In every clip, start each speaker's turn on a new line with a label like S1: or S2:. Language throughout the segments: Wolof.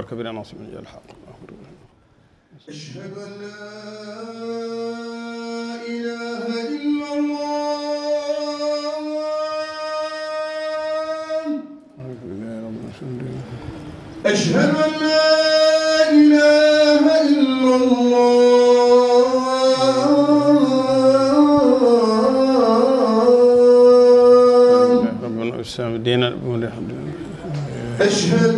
S1: أكبر كبيرا عاصما جاء الحق أشهد أن لا
S2: إله إلا الله أشهد أن لا إله إلا الله أشهد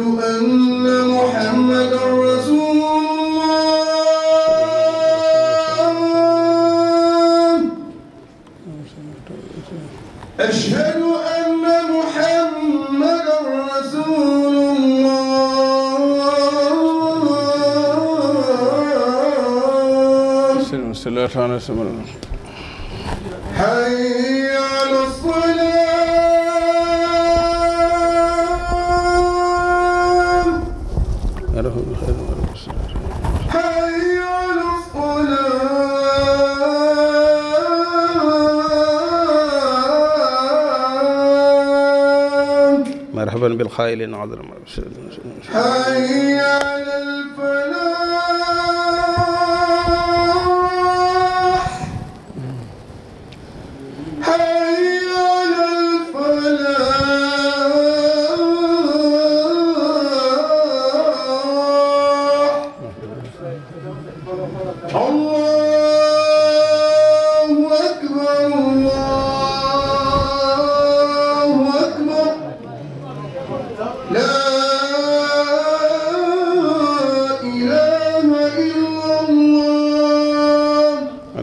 S2: sama noonu hayya ala salaam
S1: مرحبا بالخائلين عذر
S2: حي على الفلاح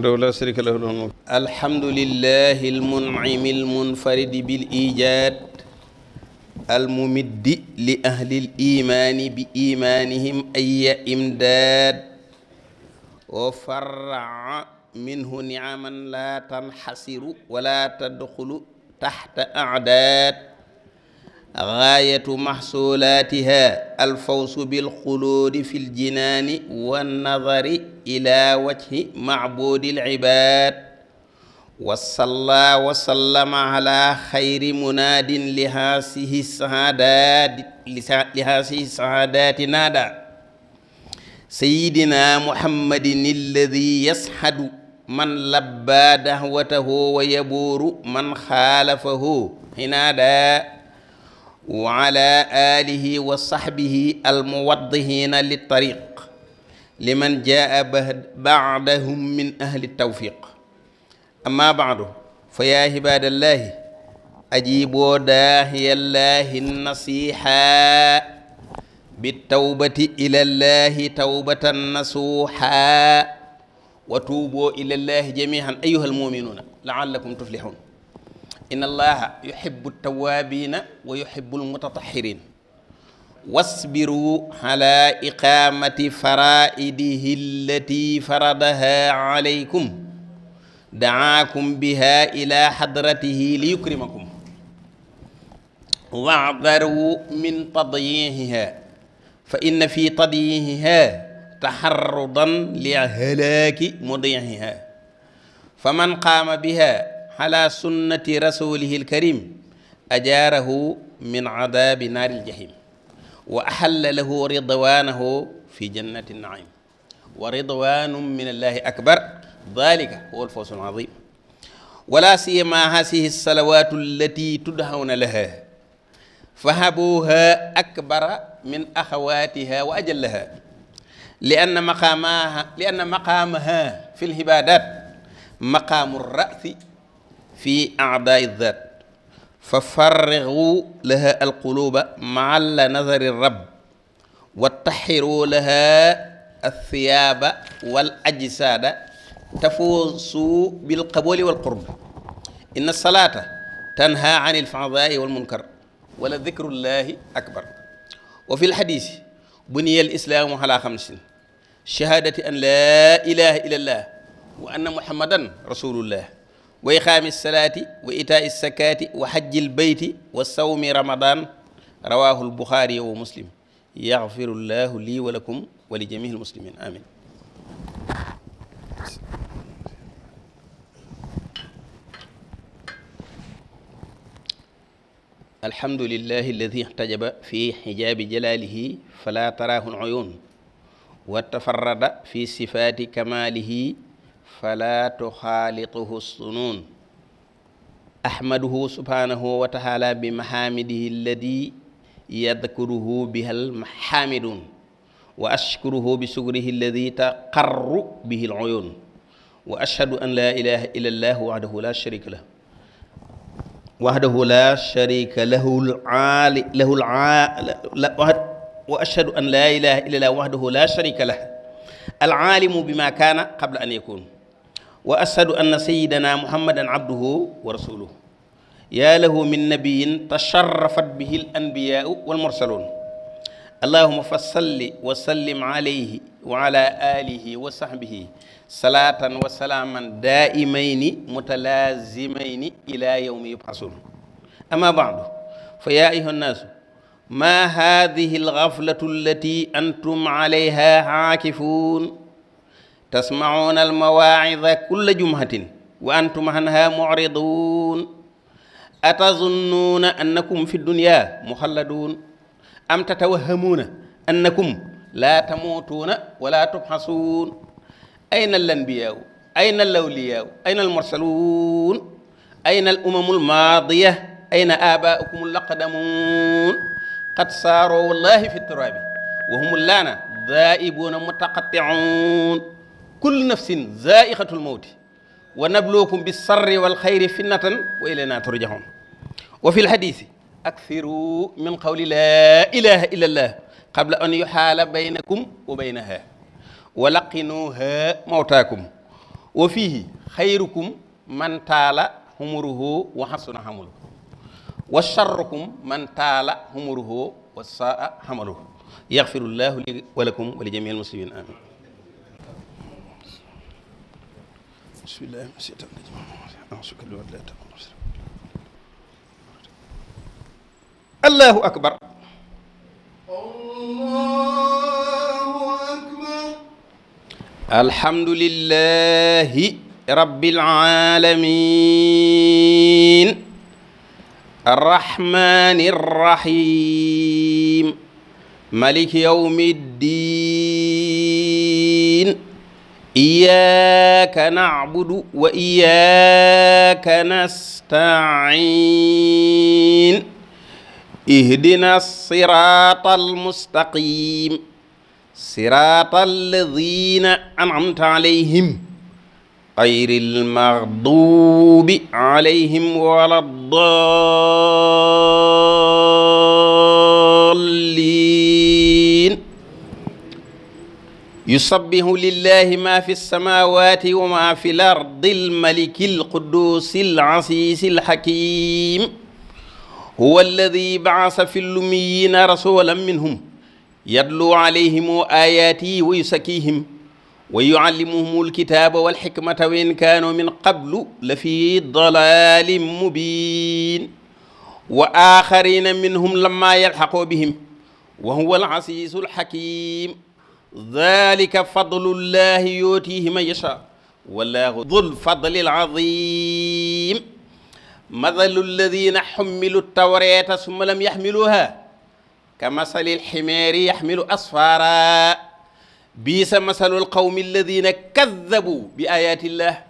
S1: وحده لا شريك له له الملك الحمد لله المنعم المنفرد بالإيجاد الممد لأهل الإيمان بإيمانهم أي إمداد وفرع منه نعما لا تنحسر ولا تدخل تحت أعداد gaayatu maxsuulaatiha alfawsu bilxuluudi fi ljinaani wannadari ila wajhi macbuudi lcibaad wa salla wa sallama ala xayri munaadin li haasihi saadaati li haasihi saadaati naada sayidina muhammadin alladi yasxadu man labbaa dahwatahu wa yabuuru man xaalafahu hinaada wa ala alihi wa sahbihi almuwaddihiina li tariq liman jaa baadahum min ahli tawfiq amma baadu fa yaa ibaadallaahi ajiiboo daahiyallaahi nasiiha bitawbati ilallaahi tawbatan nasuuha wa tuuboo ilallaahi jamiihan ayyuhal mu'minuuna la'allakum tuflihuun inna allaha yuhibbu tawaabiina wa yuhibbu almutatahhirin wasbiru ala iqamati faraidihi allati faradaha alaykum daakum biha ila hadratihi li yukrimakum wa'daru min tadyiihiha fa inna fi tadyiihiha taharrudan li halaaki mudiihiha fa man qaama biha ala sunnati rasulihi alkarim ajaarahu min adabi naari aljahim wa ahalla lahu ridwanahu fi jannati naim wa ridwanum min allahi akbar dalika huwa alfawsu alazim wala siyama hasihi alsalawatu allati tudhawna laha fahabuha akbara min akhawatiha wa ajallaha lianna maqamaha lianna maqamaha fi alhibadat maqamu alrasi fi aadaai dhat fa farrigu laha alquluba maalla nazari rab wattaxiru laha althiyaaba wal ajsaada tafuusu bilqabuli walqurb inna salaata tanha an ilfaadaai walmunkar wala dicrullahi akbar wa fi lxadisi buniya alislaamu ala xamsin shahaadati an laa ilaha illa allah wa anna muhammadan rasulullah wa iqaami salaati wa itaai sakaati wa xajjil bayti wa sawmi ramadan rawahu lbuxaari wa muslim yaxfiru llahu lii wa lakum wa li jamihi lmuslimin amin الحمد لله الذي احتجب في حجاب جلاله فلا تراه العيون وتفرد في صفات كماله fala tuxaalituhu sunuun ahmaduhu subhanahu wa taala bi mahaamidihi alladi yadkuruhu biha almahaamidun wa ashkuruhu bi sukrihi alladi taqarru bihi aluyun wa ashhadu an la ilaha illa allah wahdahu la sharika lah wahdahu la sharika lahu al lahu al wa ashhadu an la ilaha illa allah wahdahu la sharika lah al alimu bima kaana qabla an yakun wa ashadu anna sayyidana muhammadan abduhu wa rasuluhu yaa lahu min nabiyin tasharrafat bihi al anbiyaau wal mursaluun allahuma fa salli wa sallim alayhi wa ala alihi wa sahbihi salaatan wa salaaman daaimayni mutalaazimayni ila yawmi yubxasuun ama baadu fa yaa ayuha nnaasu ma hadihi alxaflatu allati antum alayha aakifuun tasmacuuna almawaacida kulla jumhatin wa antum anha mucriduun atazunnuuna annakum fi dunya muxalladuun am tatawahamuuna annakum laa tamuutuuna wala tubxasuun ayna alanbiyaau ayna alawliyaau ayna almursaluun ayna alumamu almaadiya ayna aabaaukum alaqdamuun qad saaroo wallahi fi turaabi wa hum laana daaibuuna mutaqatticuun kullu nafsin zaa'iqatul mawti wa nabluukum bis sarri wal xayri fitnatan wa ilaynaa turjaxuun wa fil hadiisi akthiru min qawli laa ilaaha illallaah qabla an yuxaala baynakum wa baynahaa wa laqinuuhaa mawtaakum wa fiihi xayrukum man taala humuruhu wa hasuna hamaluhu wa sharrukum man taala humuruhu wa saa hamaluhu yaxfirullaahu li wa lakum wa li jamiil muslimiin amiin bismillahi ma seetaan allahu akbar alhamdulillahi rabbil aalamiin arrahmaani rrahiim maaliki yawmi ddiin iyyaka na'budu wa iyyaka nasta'in ihdina siratal mustaqim siratal ladhina an'amta alayhim ghayril maghdubi alayhim waladdallin yusabbihu lillahi ma fi lsamawati wa ma fi l ardi almaliki alqudusi alasiisi alxakim huwa alladi baasa fi lumiyina rasulan minhum yatlu alayhim ayaatihi wa yusakkihim wa yuallimuhum alkitaba walxikmata wa in kaanu min qablu la fi dalalin mubin wa axarina minhum lamma yalxaqu bihim wa huwa alasiisu alxakim dalika fadlullahi yootihi man yasha wallahu dul fadlil azim mathalu alladina xummilu tawreeta summa lam yaxmiluha ka masalil ximeeri yaxmilu asfaara biisa masalul qawmi alladina kaddabu bi ayatillah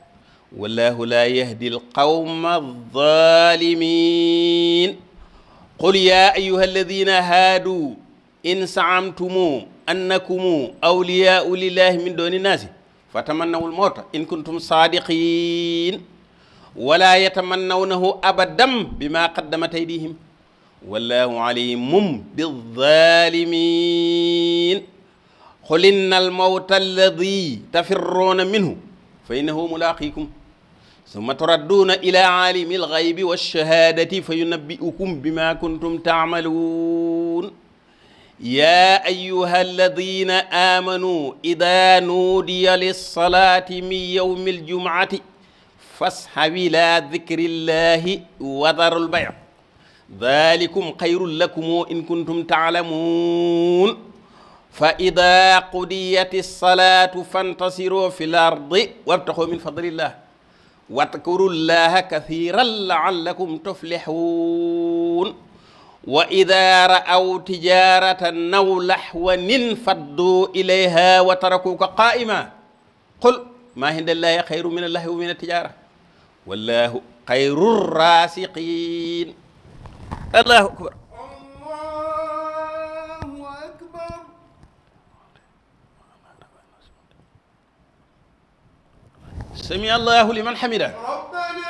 S1: wallahu laa yahdi alqawma alzalimin qul yaa ayuha alladina haadu in saamtumu annakumu awliyaau lillahi min dooni naasi fa tamannawul mawta in kuntum saadiqin wala yatamannawnahu abadan bima qaddamat aydihim wallahu alimum bizzalimin qul inna almawta alladi tafirruuna minhu fa innahu mulaaqikum summa turadduuna ila alimi alxaybi walshahadati fa yunabbiukum bima kuntum taamaluun
S2: يا
S1: أيها الذين آمنوا إذا نودي للصلاة من يوم الجمعة فاسحوا إلى ذكر الله وذروا البيع ذلكم خير لكم إن كنتم تعلمون فإذا قضيت الصلاة فانتصروا في الأرض وابتغوا من فضل الله واذكروا الله كثيرا لعلكم تفلحون wa ida ra'aw tijaratan naw lahwanin faddu ilayha wa tarakuka qaa'ima qul ma hindallahi xayru min allahi wa min atijara wallahu xayru rasiqin allahu akbar allahu akbar sami allahu liman hamida
S2: rabbana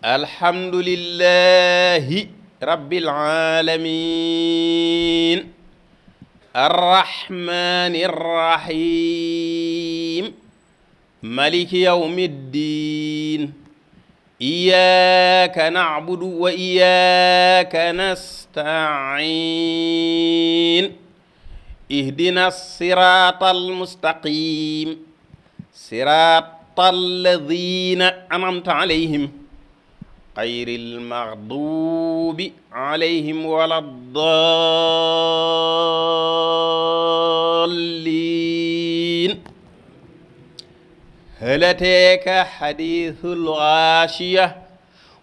S1: alhamdulillahi rabbil alamin arrahmani rrahim maliki yawmiddin iyyaka na'budu wa iyyaka nasta'in ihdina sirata almustaqim sirata alladina an'amta alayhim xayril maxduubi alayhim wala daalliin hal ataaka xadiisul gaashiya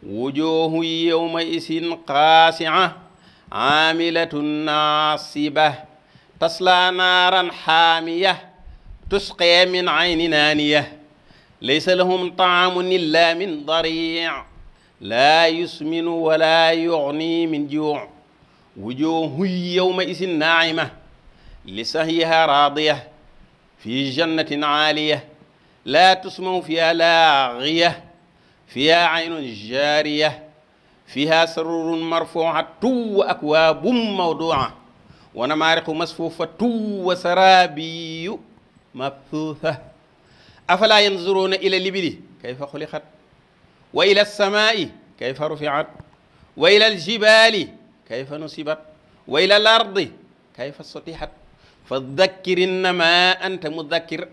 S1: wujuuhu yawma isin qaasica caamilatun naasiba taslaa naaran xaamiya tusqee min caynin aaniya laysa lahum tacaamun illaa min dariic laa yusminu wala yuxni min juu wujuhun yawma isin naima li sahyiha raadiya fi jannatin aaliya laa tusmahu fiha laaxiya fiha aynun jaariya fiha sarurun marfuatun wa akwaabun mawduua wa namaariqu masfuufatun wa saraabiyu mabsuusa afalaa yanzuruuna ila libili kayfa xuliqat wa ila alsamaai kayfa rufiat wa ila aljibaali kayfa nusibat wa ila al ardi kayfa sutihat fa dakkir innama anta mudakkir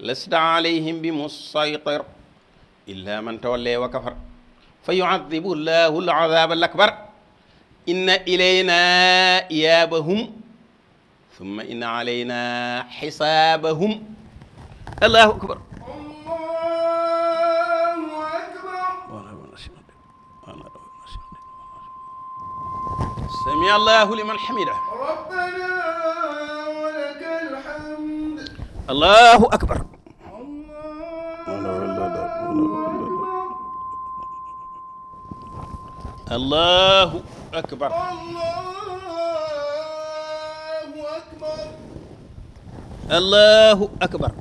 S1: lasta alayhim bi musaytir illa man tawallaya wa kafar fa yuadibu llahu alazab alakbar inna ilayna iyaabahum thumma inna alayna xisaabahum allahu akbar sami allahu liman hamida rabbana
S2: wa laka alhamd allahu akbar
S1: allahu akbar
S2: allahu akbar
S1: allahu akbar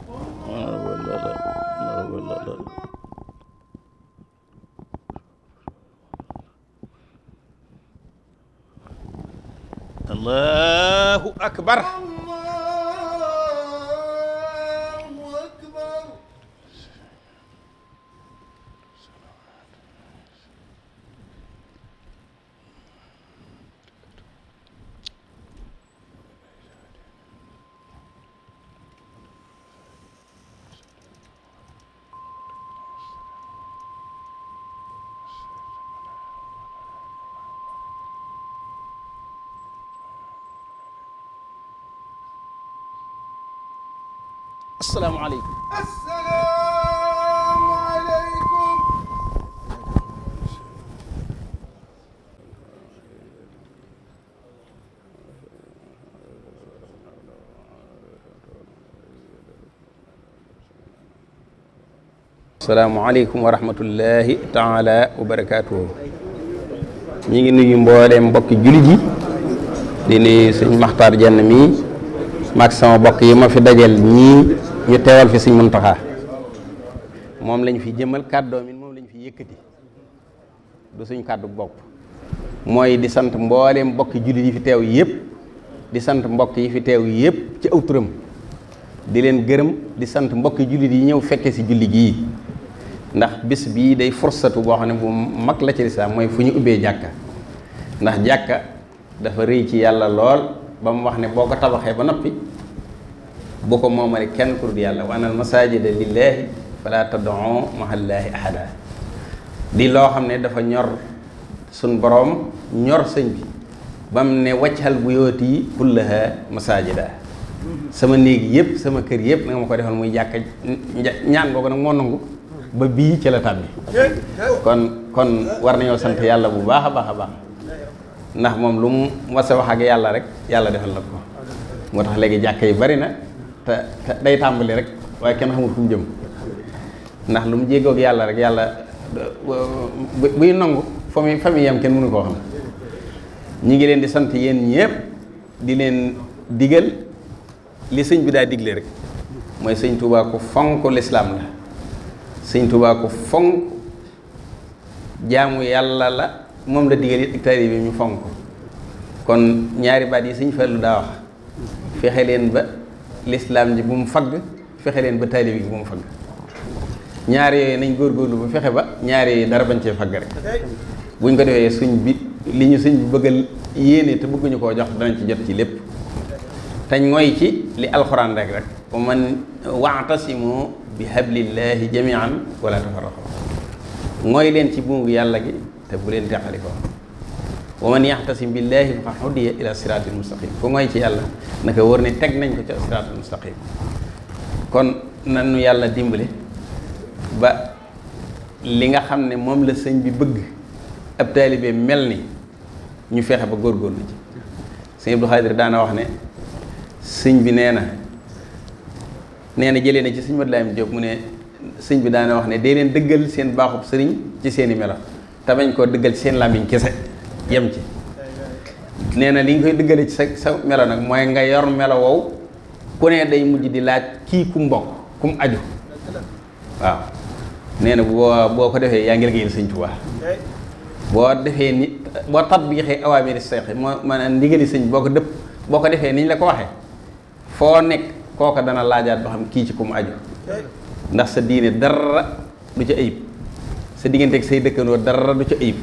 S1: allahu akbar asalaamualeykum. asalaamualeykum. asalaamualeykum wa rahmatullahi taala wa barakaatuhu. ñu ngi nuyu mbooleem mbokki jullit yi di nuyu sëñ Maxtaar Jenn mii maag sama mbokk yi fi dajal ñii. ñu teewal fi Sëriñ Muntaxa moom lañ fi jëmal kàddoom it moom lañu fi yëkkati du suñ kàddu bopp mooy di sant mbooleem mbokki jullit yi fi teew yëpp di sant mbokk yi fi teew yëpp ci aw di leen gërëm di sant mbokki jullit yi ñëw fekke si julli gii ndax bis bii day fursatu boo xam ne bu mag la ci lislaam mooy fu ñu ubbee jàkka ndax jàkka dafa rëy ci yàlla lool ba mu wax ne boo ko tabaxee ba noppi bu ko moomale kenn ku dul yàlla wa anal masaajida lillaahi falaa tad'u mahallaahi ahada di loo xam ne dafa ñor suñ boroom ñor sëñ bi ba mu ne waccal bu yooti yi kullaha masaajida sama néeg yëpp sama kër yëpp na ma ko defal muy jàkka ñaan googu nag moo nangu ba bii ci la tàbbi kon kon war nañoo sant yàlla bu baax a baax a baax ndax moom lu mu mas a wax ak yàlla rek yàlla defal na ko moo tax léegi jàkka yi bari na te day tàmbali rek waaye kenn xamul fu jëm ndax lu mu jéggoog yàlla rek yàlla buy nangu fa muy fa muy yem kenn mënu koo xam ñi ngi leen di sant yéen ñëpp di leen digal li sëñ bi daa digle rek mooy sëñ Tuubaa ku fonk lislaam la sëñ Tuubaa ku fonk jaamu yàlla la moom la digal it hectare bi ñu fonk kon ñaari baat yi sëñ Fallu daa wax fexe leen ba lislaam ji bu mu fagg fexe leen ba taalibe gi bu mu fagg ñaar yooyu nañ góorgóorlu ba fexe ba ñaar dara bañ cee fagg rek buñ ko defee suñ bi li ñu suñ bi bëgg a yéene te bëgguñu koo jox danañ ci jot ci lépp teñ mooy ci li alxuraan rek rek wa man waatasimu bi hablillahi jamian wala tafarraqu mooy leen ci buungu yàlla gi te bu leen teqalikoo wa man yaxtasim billaahi faqad hudiya ila siraatil mustaqim ku mooy ci yàlla naka wóor ne teg nañ ko ca siraatil mustaqim kon nanu yàlla dimbale ba li nga xam ne moom la sëñ bi bëgg ab taalibe mel ni ñu fexe ba góorgóorlu ci sëñ Abdou Xaadir daana wax ne sëñ bi nee na nee na jëlee na ci sëñ Madlaay Jóob mu ne sëñ bi daana wax ne dee leen dëggal seen baaxub sëriñ ci seeni melo te bañ koo dëggal ci seen làmmiñ kese yem ci nee na li nga koy dëggale ci sa sa melo nag mooy nga yor melo wow ku ne day mujj di laaj kii ku mbokk ku mu aju waaw nee na boo boo ko defee yaa ngi liggéeyal sëñ Tuubaa boo defee ni boo tatbiixee awaamiri seex moo maanaam ndigali sëñ boo ko dëpp boo ko defee niñ la ko waxee foo nekk kooka dana laajaat ba xam kii ci ku mu aju ndax sa diine dara du ca ayib sa digganteeg say dëkkandoo dara du ca ayib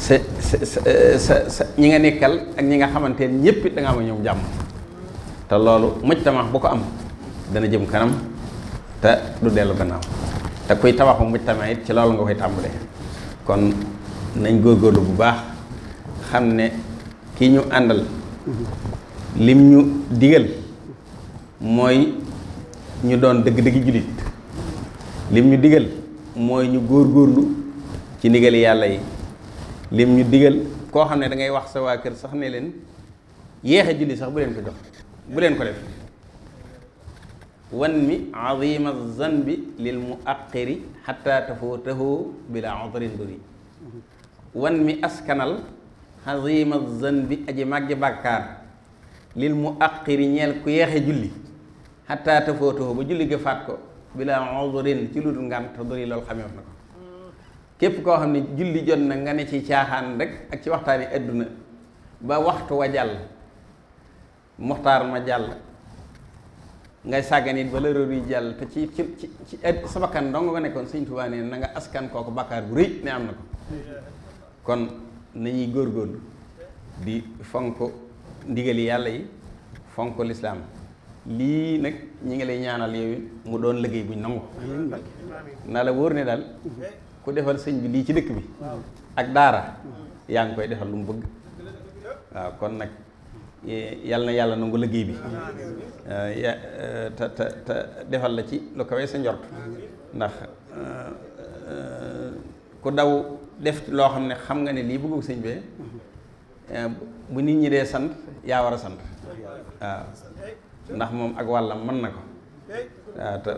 S1: sa eh, sa sa ñi nga nekkal ak ñi nga xamante ne ñëpp it da nga am ñoom jàmm te loolu mujj tamax bu ko am dana jëm kanam te du dellu gannaaw te kuy tabaxu mujj tamax it ci loolu nga koy tàmbalee kon nañ góorgóorlu bu baax xam ne ki ñu àndal lim ñu digal mooy ñu doon dëgg-dëgg jullit lim ñu digal mooy ñu góorgóorlu ci ndigali yàlla yi. lim ñu digal koo xam ne da ngay wax sa waa kër sax ne leen yéex a julli sax bu leen ko jox bu leen ko def wan mi azima zanbi lil mu aqiri xatta tafuutahu bila udrin duri wan mi askanal azima zanbi aji màggi bàkkaar lil mu aqiri ñeel ku yéex a julli xatta tafuutahu ba julli ga faat ko bila udrin ci lu dul ngànt duri loolu xamee na képp koo xam ne julli jot na nga ne ci caaxaan rek ak ci waxtaan waxtaani adduna ba waxtu wa jàll muxtaar ma jàll ngay sàgganit ba la réer jàll te ci ci ci ci sa bakkan dong nga nekkoon Sëñ Tuubaa nanga na nga askan kooku bàkkaar bu rëy ne am na ko kon nañuy góorgóorlu di fonk ndigali yàlla yi fonk lislaam lii nag ñi ngi lay ñaanal yow mu doon liggéey buñ nangu naa la wóor ne daal ku defal sëñ bi lii ci dëkk bi ak daara yaa ngi koy defal lu mu bëgg waaw kon nag yàlla na yàlla nangu liggéey bi eh, eh, te te te defal la ci lu kawee sa njort ndax eh, ku daw def loo xam ne xam nga ne lii bëggu sëñ bee bu nit ñi dee sant yaa war a sant ndax moom ak wàllam mën na ko te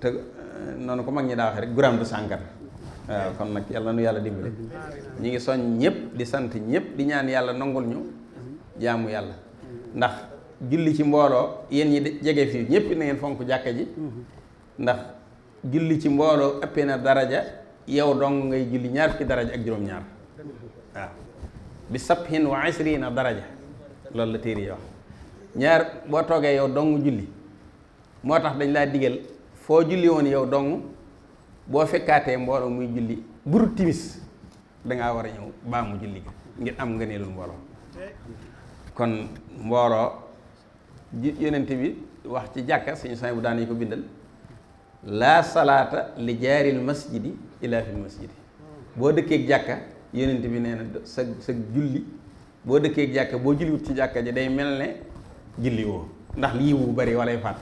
S1: te noonu ko mag ñi daa waxe rek guraam du sànkan waaw kon nag yàlla nu yàlla dimbale ñi ngi soñ ñëpp di sant ñëpp di ñaan yàlla nangul ñu jaamu yàlla ndax julli ci mbooloo yéen ñi jege fii ñëpp na ngeen fonk jàkka ji ndax julli ci mbooloo ëppee na daraja yow dong ngay julli ñaar fukki daraja ak juróom-ñaar waaw bi sabhin wa asrina daraja loolu la téere yi wax ñaar boo toogee yow dong julli moo tax dañ laa digal foo julli woon yow dong boo fekkaatee mbooloo muy julli buru timis dangaa war a ñëw baa mu julli ngir am ngëneelul mbooloo kon mbooloo yonent bi wax ci jàkka suñu sañ bu daan ko bindal laa salaata li jaaril masjidi ila fil masjidi boo dëkkeeg jàkka yonent bi nee na sa sa julli boo dëkkeeg jàkka boo julliwut ci jàkka ji day mel ne julli woo ndax lii bu bari walay faat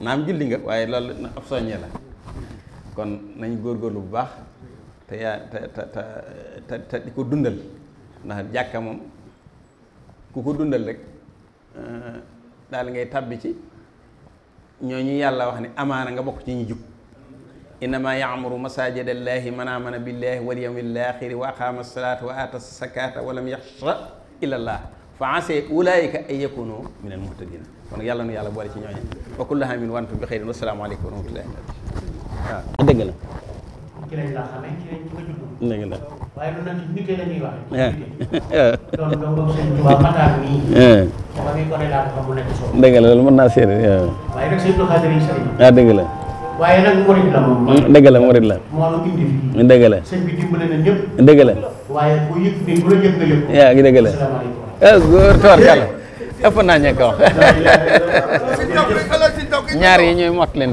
S1: naam julli nga waaye loolu ab soññee la kon nañ góor góorgóorlu bu baax te yaa te te te te di ko dundal ndax jàkka moom ku ko dundal rek eh, daal ngay tàbbi ci ñooñu yàlla wax ne amaana nga bokk ci ñi jub innama yaamuru masajida llahi man amana billahi wal wa aqama salaata wa aata sakata wa lam yaxsha illa llah fa asa ulaika an yakunu min al kon yàlla nu yàlla boole ci ñooñu wa kullaha min wantu bi xeyrin wasalaamu aleykum wa rahmatullahi waaw ah, dëgg la.
S3: ci lañ la xamee ci lañ ko judd. dëgg la waaye lu nag nite la ñuy waxee. doon doon doon sëñ Tuubaa Matar mii.
S1: dafa mi naa seede. ngi dëgg ëpp naa ñekk wax ñaar yi ñooy mot leen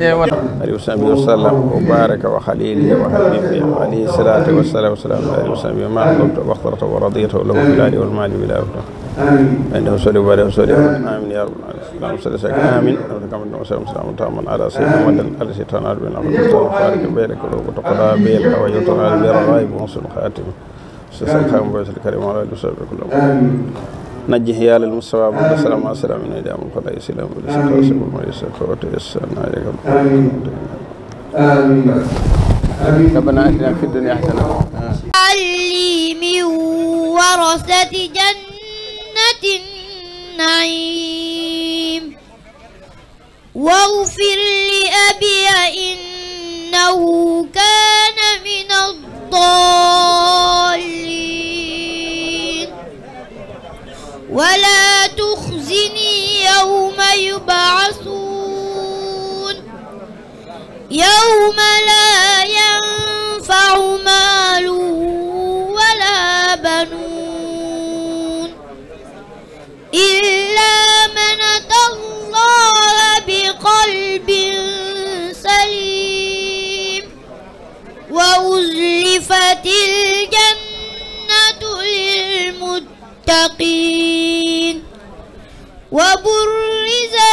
S1: ñooy mot alihi wa sahbi wasallam wa baraka wa xalili wa habibi alayhi salatu wasalam wasalam alihi wa sahbi ma qultu waxtartu wa radiyatu lahu bil ali wal mali bila abda انه صلى وبارك وسلم امين يا رب العالمين صلى الله عليه امين اللهم صل وسلم تاما على سيدنا محمد على سيدنا النبي الامين بارك بينك وتقضى بينك ويطلع البر غايب وصل خاتمه سيسن خام بويس الكريم وعلى اله وصحبه كلهم نجه يا للمستوى عبد السلام على السلام من ايدام القضاء سلام بلس تاسم المجلس قوت يسرنا يا رب امين امين ربنا اتنا في الدنيا حسنه
S3: علي ورثة جنة النعيم واغفر لأبي إنه كان من الظالمين الضالين ولا تخزني يوم يبعثون يوم لا ينفع وبرزت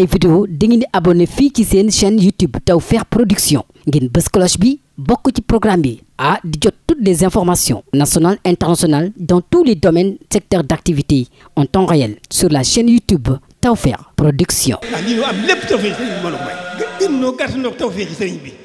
S3: ay vidéo da ngeen di abonné fii ci seen chaîne YouTube Tawfekh Production ngeen bës bi bokk ci programme bi ah di jot toutes les informations nationales internationales dans tous les domaines secteurs d'activité en temps réel sur la chaîne YouTube Tawfekh Production.
S1: ah lii